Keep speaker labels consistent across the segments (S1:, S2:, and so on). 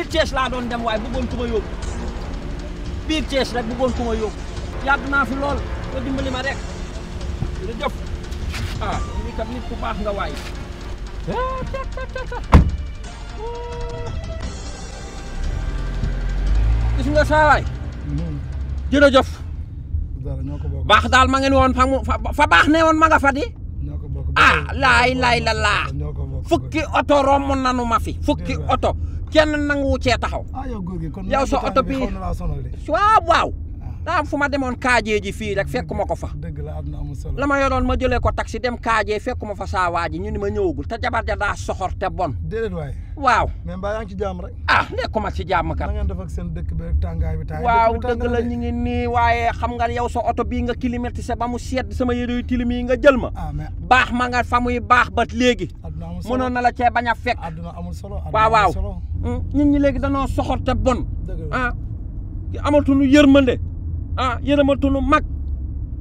S1: biir Thiès laa doon dem waaye bëggoon ku ma yóbbu biir Thiès rek bëggoon ku ma yóbbu yàgg naa fi lool nga dimbali ma rek ah, nga jëf ah baax daal ma ngeen woon fa fa baax ne woon ma nga fa di ah laay laay la fukki oto romb nanu ma fi fukki oto kenn nanguwu cee taxaw.
S2: ah yow góor gi kon yow sa oto bi waaw
S1: waaw. Ah. daa am fu ma demoon kaajee ji fii rek fekkuma ko fa.
S2: dëgg la am na amul
S1: la ma yoroon ma jëlee ko taxi dem kaajee fekkuma fa saa waa ji ñu ni ma ñëwagul te jabar ja daa soxor te bon. déedéet waay waaw mais mbaa yaa ci jàmm rek ah nekkuma ci jàmm kat na
S2: ngeen def seen dëkk tàngaay bi tàngaay waaw
S1: dëgg la ñu ngi nii waaye xam nga yow sa oto bii nga climatisé ba mu sedd sama yére yu tilim yi nga jël ma ah, baax ma nga fa muy baax ba léegi mënoon na la cee bañ a fekk adduna solo waaw waaw hmm, nit ñi léegi danoo soxor te bon ah amatuñu yërmande ah yërmatuñu mag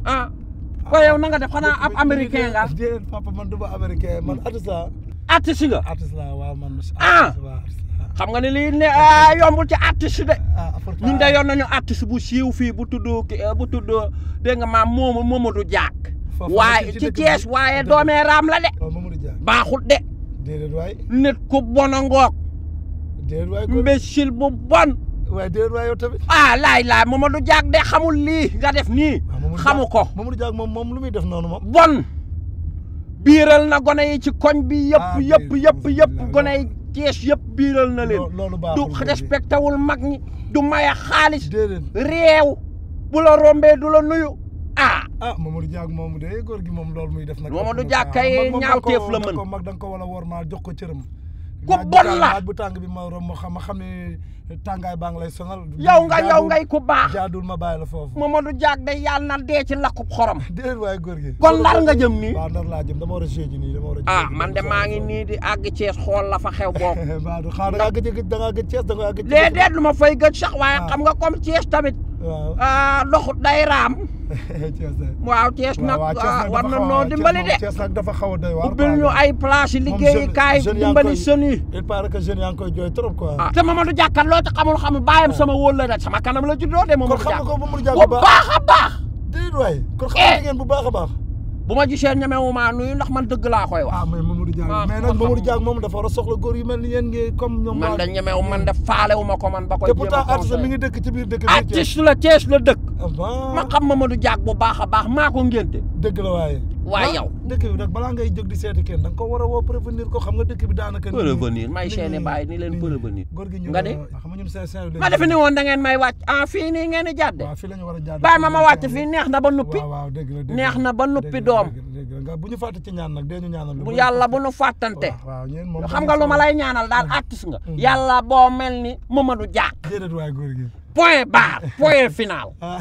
S1: ah ko ah, yow na nga def xanaa ab nga artiste nga. artiste
S2: la waaw man. ah
S1: xam nga ne lii ne ah, yombul ci artiste de. Ah, ñun de ah. yoon nañu artiste bu siiw fii bu tudd eh, bu tudd dégg nga maam moomu Momadou Diak. waaye ci Thiès waaye doomee raam la de. Oh, baaxul de. déedéet ku bon a ngoog. bu bon. waaye déedéet waay yow tamit. ah de xamul lii ga def nii. xamu ko Momadou Diak lu muy def noonu bon. biiral na gone yi ci koñ bi yëpp ah, yëpp yëpp yëpp gone yi Cees yëpp biiral na leen du respecté wul mag ñi du maye xaalis réew bu la rombee du la nuyu
S2: ah ah Mamadou Diack moomu de góor gi moom lool muy def nag Mamadou Diack kay ah, ñaawteef la mën mag da nga ko wala war maa jox ko cëram ku bon la laaj bu tàng bi ma romb xam ma xam ne tàngaay baa ngi lay sonal. yow nga yow ngay ku baax jaadul ma bàyyi la foofu.
S1: Mamadou Diack de yàlla na dee ci laqub xorom. déedéet waay góor gi. kon ndar nga jëm nii. waaw ndar laa jëm dama war a séegi nii dama war a. ah man de maa ngi nii di àgg Cees xool la fa xew boobu.
S2: Maodo xaaral da ngaa gëj a da ngaa gëj Cees da ngaa gëj. léeg-léeg lu ma fay gëj sax waaye ah. xam nga comme Cees tamit. waaw
S1: ah, doxut day raam.
S2: waaw Thiès ah, nag war na noo dimbali de. Thiès nag dafa xaw a doy ñu ay place yi liggéeyukaay dimbali jeunes yi. yaa ngi koy jooy trop quoi. ah te
S1: Mamadou Diakhar loo ci xamul xamul bàyyam sama wóor la nag la juddoo de Mamadou Diakhar kon xam nga ko Mamadou Diakhar bu baax a baax. déedéet waay kon eh. bu baax a baax. bu ma gisee ñemewu maa nuyu ndax man dëgg laa koy wax. ah, ah moom dafa war a soxla góor yu mel ni yéen ngi comme ñoom. man da ñemewu man da faalewu ma ko
S2: man ba koy. jéem a conseillé te pourtant artiste mi
S1: ngi dëkk ci biir dëkk a artiste la Thiès la dëkk. Ah, ma xam Mamadou Diack bu baax a baax maa ko ngénte. dëgg la waaye yow
S2: dëkk ngay jóg di seeti kenn da nga ko a ko xam nga dëkk bi daanaka. prévenir may chaîne
S1: bàyyi ni leen prévenir. nga de
S2: ma defe ne woon da
S1: ngeen may wàcc ah fii nii ngeen di jàdde. waaw
S2: fii a jàdde
S1: bàyyi ma ma wàcc fii neex na ba nuppi.
S2: la
S1: neex na ba nuppi doom.
S2: bu ñu fàtte ci ñaan nag dee ñu ñaanal. bu yàlla
S1: bu ñu fàttante. xam nga lu ma lay ñaanal daal mm. artiste nga. Mm. yàlla boo ni Mamadou Diak. déedéet point barre point final. Ah.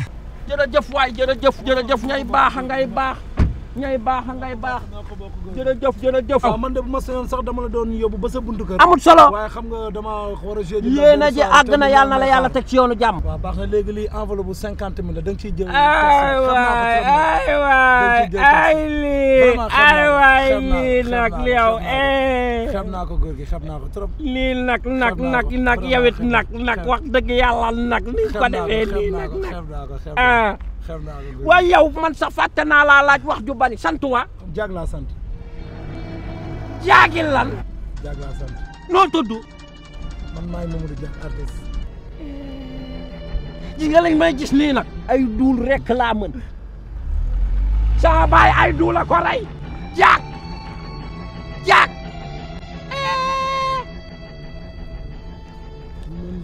S1: jërëjëf waay jërëjëf jërëjëf baax ngay baax ñooy baax a baax
S2: jërëjëf jërëjëf waaw ah, man de bu ma sañoon sax dama la doon yóbbu ba sa buntu kër amul solo waaye xam nga dama a jël yéen a ji àgg na yàlla na la yàlla teg ci yoonu jàmm waaw baax na léegi lii cinquante mille da nga ciy jël ay waay ay waay ay lii ay waay lii nag li yow
S1: xam naa ko góor gi xam naa ko trop. nii nag nag nag nag yawit nag nag wax dëgg yàlla nag ni ko defee nii nag ah. ju bari sant wa jaag noo tudd ji nga lañ nii nag ay duul rek laa ay duul a ko rey jaag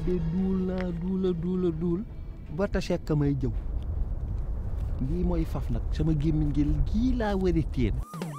S1: de duul naa duula duula duul ba tase a may jëw lii mooy faf nag sama gémmiñ gi gii laa war